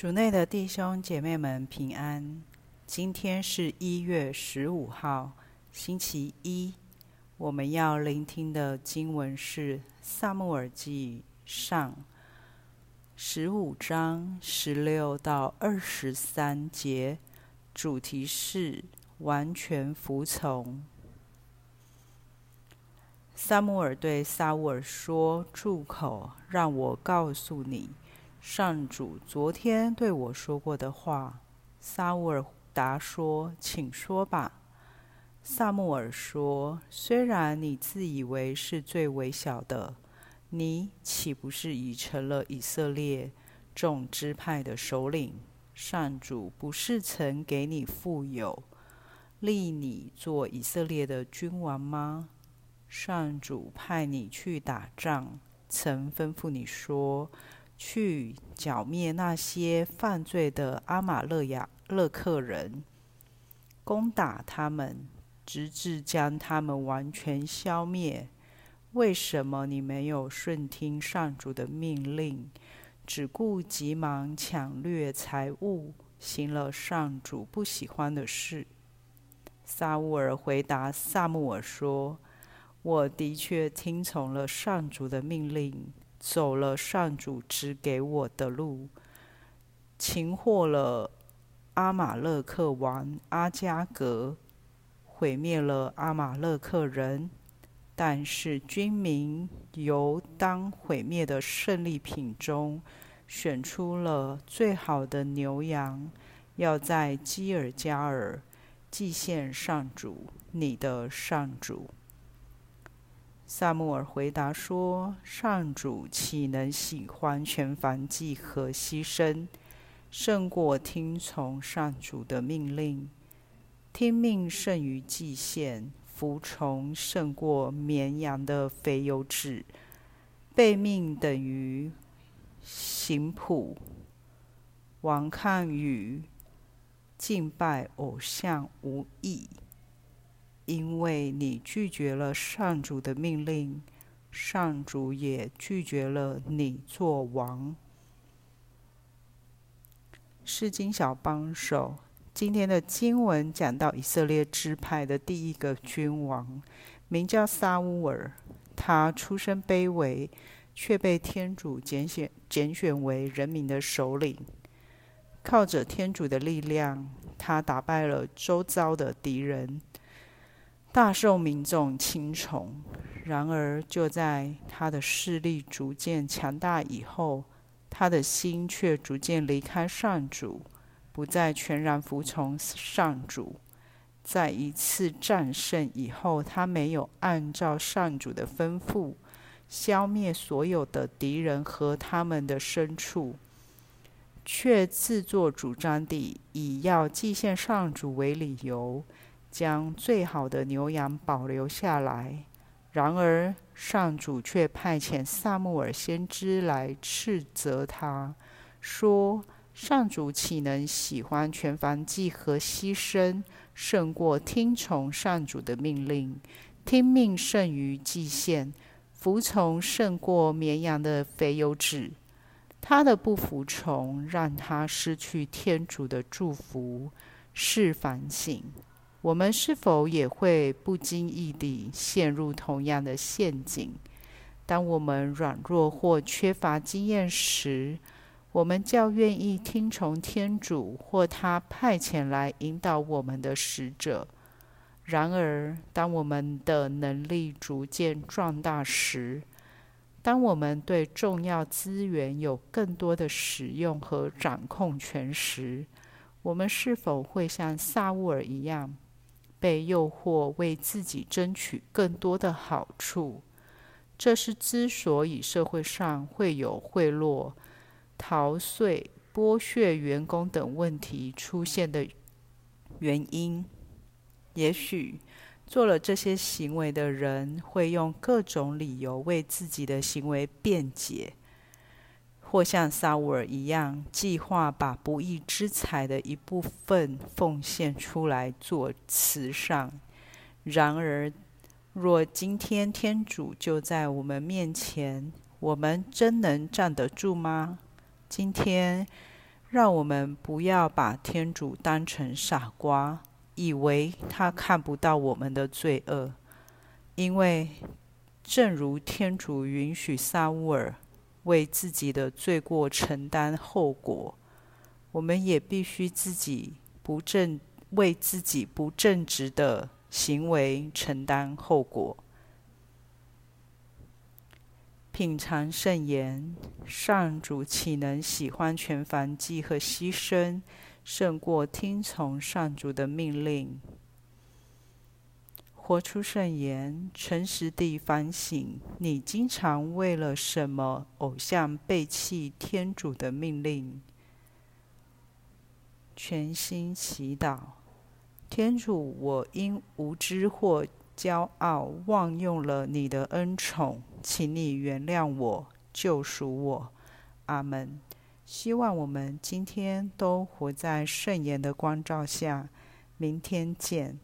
主內的弟兄姐妹們平安。今天是一月十五號，星期一。我們要聆聽的經文是《撒慕爾紀上》十五章十六到二十三節，主題是完全服從。撒慕爾對撒烏耳說：“住口！讓我告訴你。”上主昨天對我說過的話，撒烏耳答說：“請說吧。”撒慕爾說：“雖然你自以為是最微小的，你豈不是已成了以色列眾支派的首領？上主不是曾給你傅油，立你作以色列的君王嗎？上主派你去打仗，曾吩咐你說。”去剿滅那些犯罪的阿馬勒亞勒克人，攻打他們，直至將他們完全消滅。為什麼你沒有順聽上主的命令，只顧急忙搶掠財物，行了上主不喜歡的事？撒烏耳回答撒慕爾說：“我的確聽從了上主的命令。”走了上主指給我的路，擒獲了阿瑪肋克王阿加格，毀滅了阿瑪肋克人。但是軍民由當毀滅的勝利品中，選出了最好的牛羊，要在基耳加耳祭獻上主，你的上主。撒慕爾回答說：“上主豈能喜歡全燔祭和犧牲，勝過聽從上主的命令？聽命勝於祭獻，服從勝過綿羊的肥油脂，背命等於行卜，頑抗與敬拜偶像無異。”因為你拒絕了上主的命令，上主也拒絕了你作王。釋經小幫手，今天的經文講到以色列支派的第一個君王，名叫撒烏耳。他出身卑微，卻被天主揀選，揀選為人民的首領。靠着天主的力量，他打敗了周遭的敵人。大受民眾欽崇，然而就在他的勢力逐漸強大以後，他的心卻逐漸離開上主，不再全然服從上主。在一次戰勝以後，他沒有按照上主的吩咐消滅所有的敵人和他們的牲畜，卻自作主張地以要祭獻上主為理由。將最好的牛羊保留下來，然而上主卻派遣撒慕爾先知來斥責他，說：“上主豈能喜歡全燔祭和犧牲，勝過聽從上主的命令？聽命勝於祭獻，服從勝過綿羊的肥油脂。他的不服從讓他失去天主的祝福，試反省。”我們是否也會不經意地陷入同樣的陷阱？當我們軟弱或缺乏經驗時，我們較願意聽從天主或他派遣來引導我們的使者。然而，當我們的能力逐漸壯大時，當我們對重要資源有更多的使用和掌控權時，我們是否會像撒烏耳一樣？被誘惑為自己爭取更多的好處，這是之所以社會上會有賄賂、逃稅、剝削員工等問題出現的原因，原因。也許做了這些行為的人會用各種理由為自己的行為辯解。或像撒烏耳一樣，計劃把不義之財的一部分奉獻出來做慈善。然而，若今天天主就在我們面前，我們真能站得住嗎？今天，讓我們不要把天主當成傻瓜，以為他看不到我們的罪惡。因為，正如天主允許撒烏耳，為自己的罪過承擔後果，我們也必須自己不正為自己不正直的行為承擔後果。品嘗聖言，上主豈能喜歡全燔祭和犧牲，勝過聽從上主的命令？活出聖言，誠實地反省，你經常為了什麼偶像背棄天主的命令？全心祈禱，天主，我因無知或驕傲，妄用了你的恩寵，請你原諒我，救贖我，阿門。希望我們今天都活在聖言的光照下，明天見。